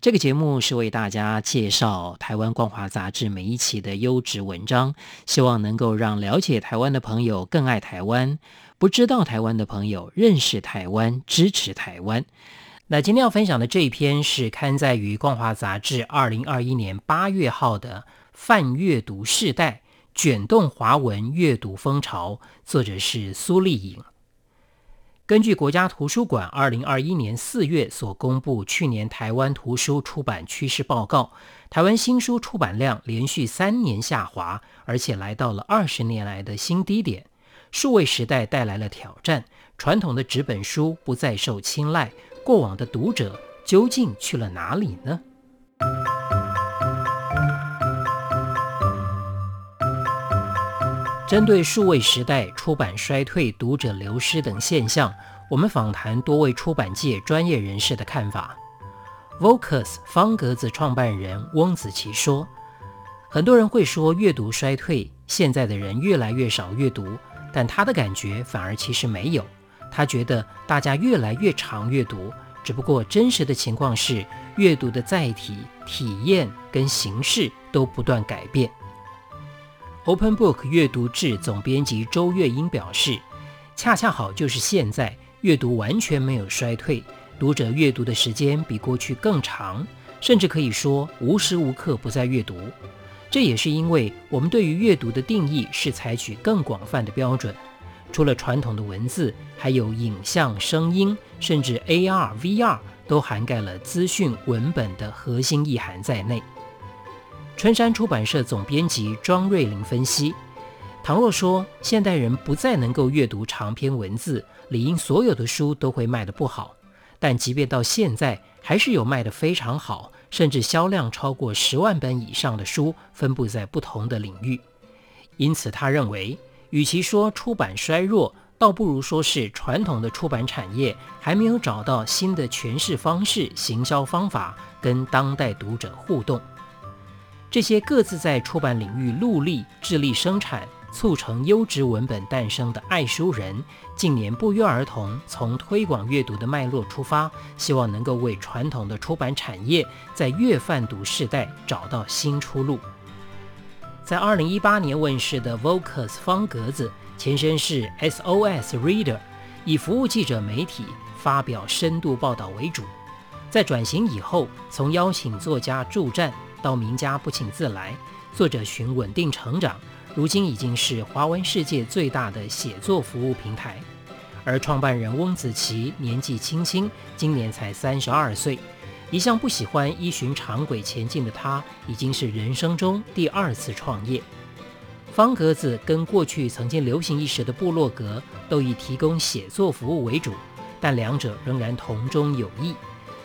這個節目是為大家介紹台灣光華雜誌每一期的優質文章，希望能夠讓了解台灣的朋友更愛台灣，不知道台灣的朋友認識台灣、支持台灣。那今天要分享的這一篇是刊載於《光華雜誌》2021年8月號的《泛閱讀世代卷動華文閱讀風潮》，作者是蘇俐穎。根據國家圖書館2021年4月所公布去年台灣圖書出版趨勢報告，台灣新書出版量連續三年下滑，而且來到了二十年來的新低點。數位時代帶來了挑戰，傳統的紙本書不再受青睞，過往的讀者究竟去了哪裡呢？針對數位時代出版衰退、讀者流失等現象，我們訪談多位出版界專業人士的看法。Vocus 方格子創辦人翁子琪說：“很多人會說閱讀衰退，現在的人越來越少閱讀，但他的感覺反而其實沒有。他覺得大家越來越常閱讀，只不過真實的情況是閱讀的載體、體驗跟形式都不斷改變。” OpenBook 閱讀誌總編輯周月英表示：“恰恰好就是現在，閱讀完全沒有衰退，讀者閱讀的時間比過去更長，甚至可以說無時無刻不在閱讀。這也是因為我們對於閱讀的定義是採取更廣泛的標準，除了傳統的文字，還有影像、聲音，甚至 AR、VR 都涵蓋了資訊文本的核心意涵在內。”春山出版社總編輯莊瑞琳分析：倘若說現代人不再能夠閱讀長篇文字，理應所有的書都會賣得不好。但即便到現在，還是有賣得非常好，甚至銷量超過十萬本以上的書，分布在不同的領域。因此，他認為，與其說出版衰弱，倒不如說是傳統的出版產業還沒有找到新的詮釋方式、行銷方法，跟當代讀者互動。這些各自在出版領域戮力、致力生產，促成優質文本誕生的愛書人，近年不約而同從推廣閱讀的脈絡出發，希望能夠為傳統的出版產業在閱讀泛世代找到新出路。在二零一八年問世的《Vocus 方格子》，前身是 SOS Reader，以服務記者、媒體發表深度報道為主。在轉型以後，從邀請作家駐站，到名家不請自來，作者尋穩定成長，如今已經是華文世界最大的寫作服務平台。而創辦人翁子琪年紀輕輕，今年才三十二歲，一向不喜歡依循常軌前進的他，已經是人生中第二次創業。方格子跟過去曾經流行一時的部落格都以提供寫作服務為主，但兩者仍然同中有異。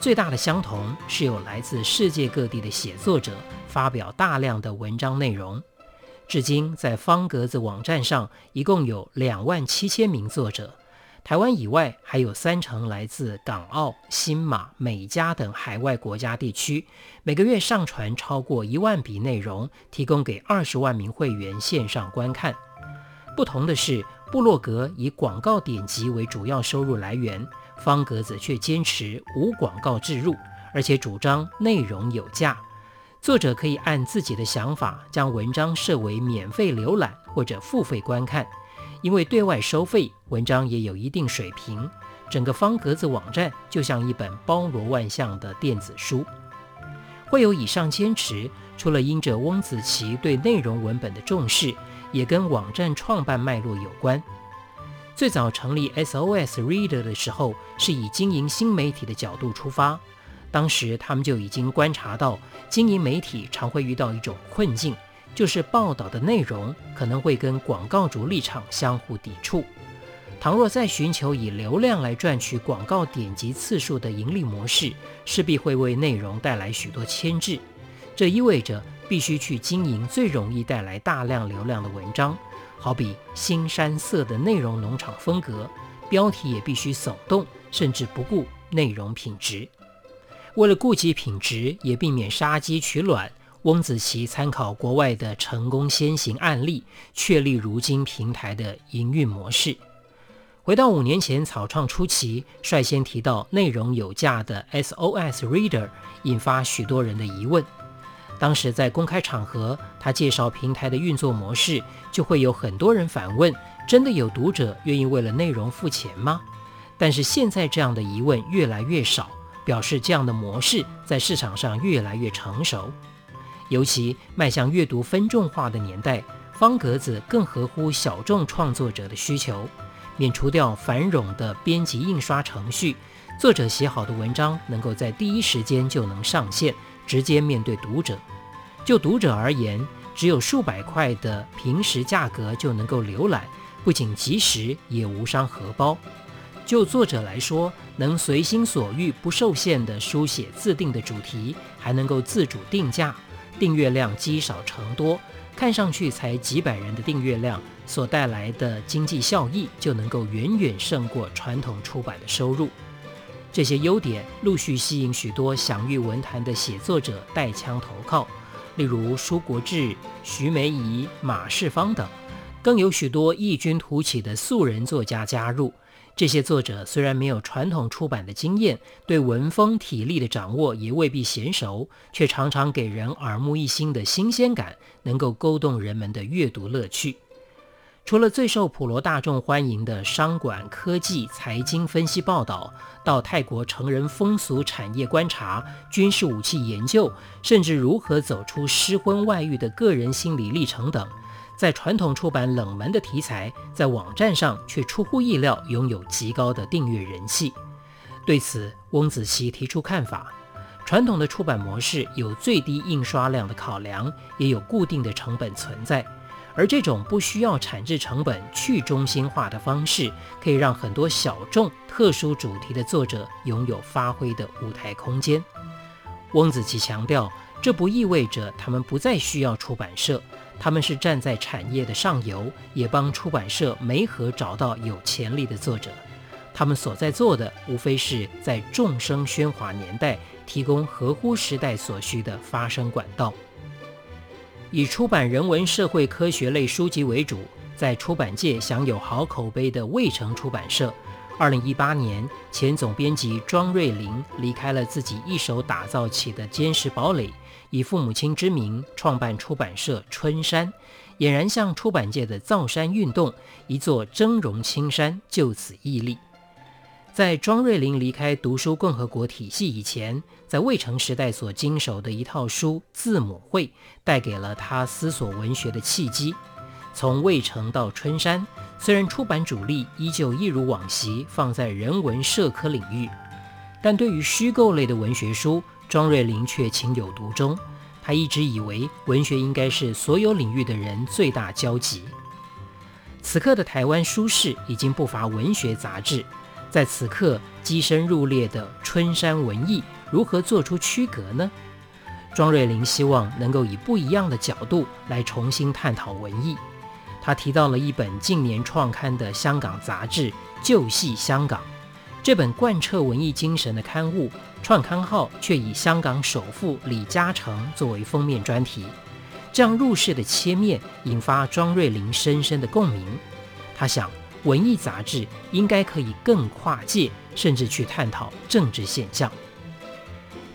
最大的相同是有來自世界各地的寫作者發表大量的文章內容，至今在方格子網站上一共有兩萬七千名作者，台灣以外還有三成來自港澳、新馬、美加等海外國家地區，每個月上傳超過一萬筆內容，提供給二十萬名會員線上觀看。不同的是，部落格以廣告點擊為主要收入來源。方格子卻堅持無廣告置入，而且主張內容有價，作者可以按自己的想法將文章設為免費瀏覽或者付費觀看。因為對外收費，文章也有一定水平。整個方格子網站就像一本包羅萬象的電子書。會有以上堅持，除了因着翁子琪對內容文本的重視，也跟網站創辦脈絡有關。最早成立 SOS Reader 的時候，是以經營新媒體的角度出發。當時他們就已經觀察到，經營媒體常會遇到一種困境，就是報道的內容可能會跟廣告主立場相互抵觸。倘若再尋求以流量來賺取廣告點擊次數的盈利模式，勢必會為內容帶來許多牽制。這意味着必須去經營最容易帶來大量流量的文章。好比“新山色”的內容農場風格，標題也必須聳動，甚至不顧內容品質。為了顧及品質，也避免殺雞取卵，翁子琪參考國外的成功先行案例，確立如今平台的營運模式。回到五年前草創初期，率先提到“內容有價”的 SOS Reader，引發許多人的疑問。當時在公開場合，他介紹平台的運作模式，就會有很多人反問：“真的有讀者願意為了內容付錢嗎？”但是現在這樣的疑問越來越少，表示這樣的模式在市場上越來越成熟。尤其邁向閱讀分眾化的年代，方格子更合乎小眾創作者的需求，免除掉繁冗的編輯印刷程序，作者寫好的文章能夠在第一時間就能上線。直接面對讀者，就讀者而言，只有數百塊的平時價格就能夠瀏覽，不僅及時也無傷荷包。就作者來說，能隨心所欲、不受限地書寫自定的主題，還能夠自主定價，訂閱量積少成多，看上去才幾百人的訂閱量所帶來的經濟效益，就能夠遠遠勝過傳統出版的收入。這些優點陸續吸引許多享譽文壇的寫作者帶槍投靠，例如舒國治、徐玫怡、馬世芳等，更有許多異軍突起的素人作家加入。這些作者雖然沒有傳統出版的經驗，對文風體例的掌握也未必嫻熟，卻常常給人耳目一新的新鮮感，能夠勾動人們的閱讀樂趣。除了最受普羅大眾歡迎的商管、科技、財經分析報道，到泰國成人風俗產業觀察、軍事武器研究，甚至如何走出失婚外遇的個人心理歷程等，在傳統出版冷門的題材，在網站上卻出乎意料擁有極高的訂閱人氣。對此，翁子琪提出看法：傳統的出版模式有最低印刷量的考量，也有固定的成本存在。而這種不需要產制成本、去中心化的方式，可以讓很多小眾、特殊主題的作者擁有發揮的舞台空間。翁子琪強調，這不意味着他們不再需要出版社，他們是站在產業的上游，也幫出版社媒合找到有潛力的作者。他們所在做的，無非是在眾聲喧嘩年代，提供合乎時代所需的發聲管道。以出版人文社會科學類書籍為主，在出版界享有好口碑的衛城出版社，二零一八年前總編輯莊瑞琳離開了自己一手打造起的堅實堡壘，以父母親之名創辦出版社春山，儼然像出版界的造山運動，一座崢嶸青山就此屹立。在莊瑞琳離開讀書共和國體系以前，在衛城時代所經手的一套書《字母會》帶給了他思索文學的契機。從衛城到春山，雖然出版主力依舊一如往昔放在人文社科領域，但對於虛構類的文學書，莊瑞琳卻情有獨鍾。他一直以為文學應該是所有領域的人最大交集。此刻的台灣書市已經不乏文學雜誌。在此刻躋身入列的春山文藝，如何做出區隔呢？莊瑞琳希望能夠以不一樣的角度來重新探討文藝。他提到了一本近年創刊的香港雜誌《就係香港》，這本貫徹文藝精神的刊物，創刊號卻以香港首富李嘉誠作為封面專題。這樣入世的切面，引發莊瑞琳深深的共鳴。他想，文藝雜誌應該可以更跨界，甚至去探討政治現象。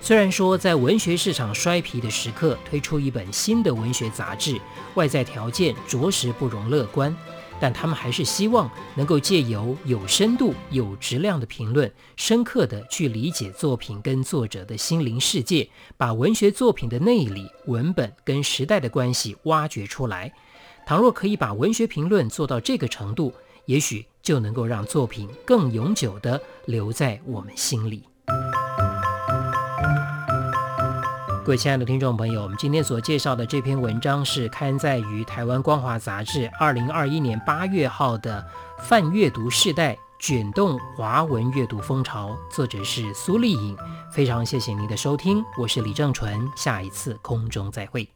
雖然說在文學市場衰疲的時刻推出一本新的文學雜誌，外在條件着實不容樂觀，但他們還是希望能夠借由有深度、有質量的評論，深刻地去理解作品跟作者的心靈世界，把文學作品的內裡、文本跟時代的關係挖掘出來。倘若可以把文學評論做到這個程度，也許就能夠讓作品更永久地留在我們心裡。各位親愛的聽眾朋友，我們今天所介紹的這篇文章是刊載於《台灣光華雜誌》二零二一年八月號的《泛閱讀世代：卷動華文閱讀風潮》，作者是蘇俐穎。非常謝謝您的收聽，我是李正淳，下一次空中再會。